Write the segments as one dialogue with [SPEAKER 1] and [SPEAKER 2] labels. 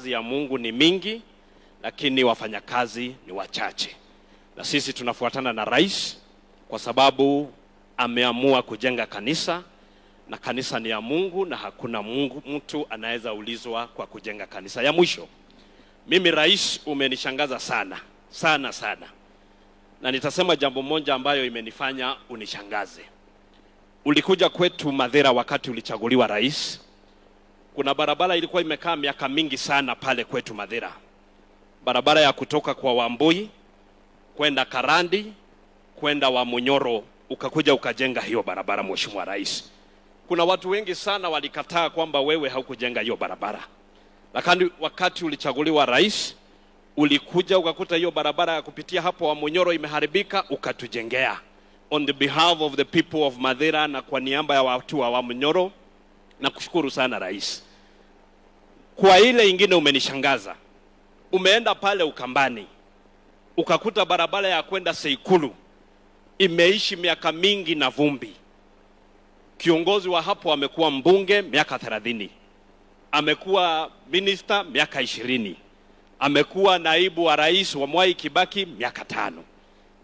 [SPEAKER 1] kazi ya Mungu ni mingi, lakini wafanyakazi ni wachache, na sisi tunafuatana na rais kwa sababu ameamua kujenga kanisa na kanisa ni ya Mungu na hakuna Mungu mtu anaweza ulizwa kwa kujenga kanisa. Ya mwisho, mimi rais, umenishangaza sana sana sana, na nitasema jambo moja ambayo imenifanya unishangaze. Ulikuja kwetu Madhera wakati ulichaguliwa rais kuna barabara ilikuwa imekaa miaka mingi sana pale kwetu Madhira, barabara ya kutoka kwa Wambui kwenda Karandi kwenda Wamunyoro, ukakuja ukajenga hiyo barabara, Mheshimiwa Rais. Kuna watu wengi sana walikataa kwamba wewe haukujenga hiyo barabara, lakini wakati ulichaguliwa rais, ulikuja ukakuta hiyo barabara ya kupitia hapo Wamunyoro imeharibika, ukatujengea on the behalf of the people of Madhira na kwa niamba ya watu wa Wamunyoro. Nakushukuru sana rais. Kwa ile ingine umenishangaza, umeenda pale Ukambani ukakuta barabara ya kwenda Seikuru imeishi miaka mingi na vumbi. Kiongozi wa hapo amekuwa mbunge miaka thelathini, amekuwa minista miaka ishirini, amekuwa naibu wa rais wa Mwai Kibaki miaka tano,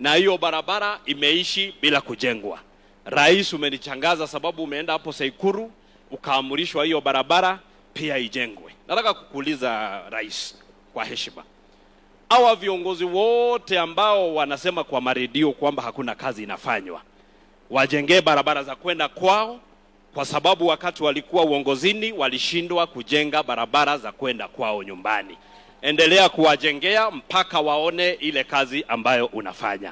[SPEAKER 1] na hiyo barabara imeishi bila kujengwa. Rais, umenichangaza sababu umeenda hapo Seikuru ukaamrishwa hiyo barabara pia ijengwe. Nataka kukuuliza Rais, kwa heshima, hawa viongozi wote ambao wanasema kwa maredio kwamba hakuna kazi inafanywa, wajengee barabara za kwenda kwao, kwa sababu wakati walikuwa uongozini walishindwa kujenga barabara za kwenda kwao nyumbani. Endelea kuwajengea mpaka waone ile kazi ambayo unafanya.